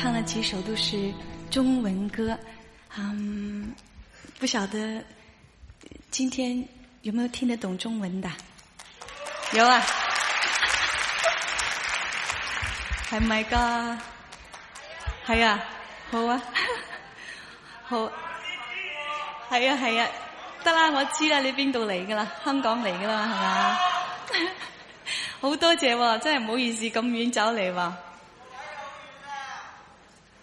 唱了幾首都是中文歌，嗯、um，不曉得今天有沒有聽得懂中文的？有啊，係咪噶？係、嗯、啊，好啊，嗯、好，係啊係啊，得啦、啊啊啊，我知啦，你邊度嚟噶啦？香港嚟噶啦，係、嗯、嘛？好多謝、哦，真係唔好意思，咁遠走嚟哇！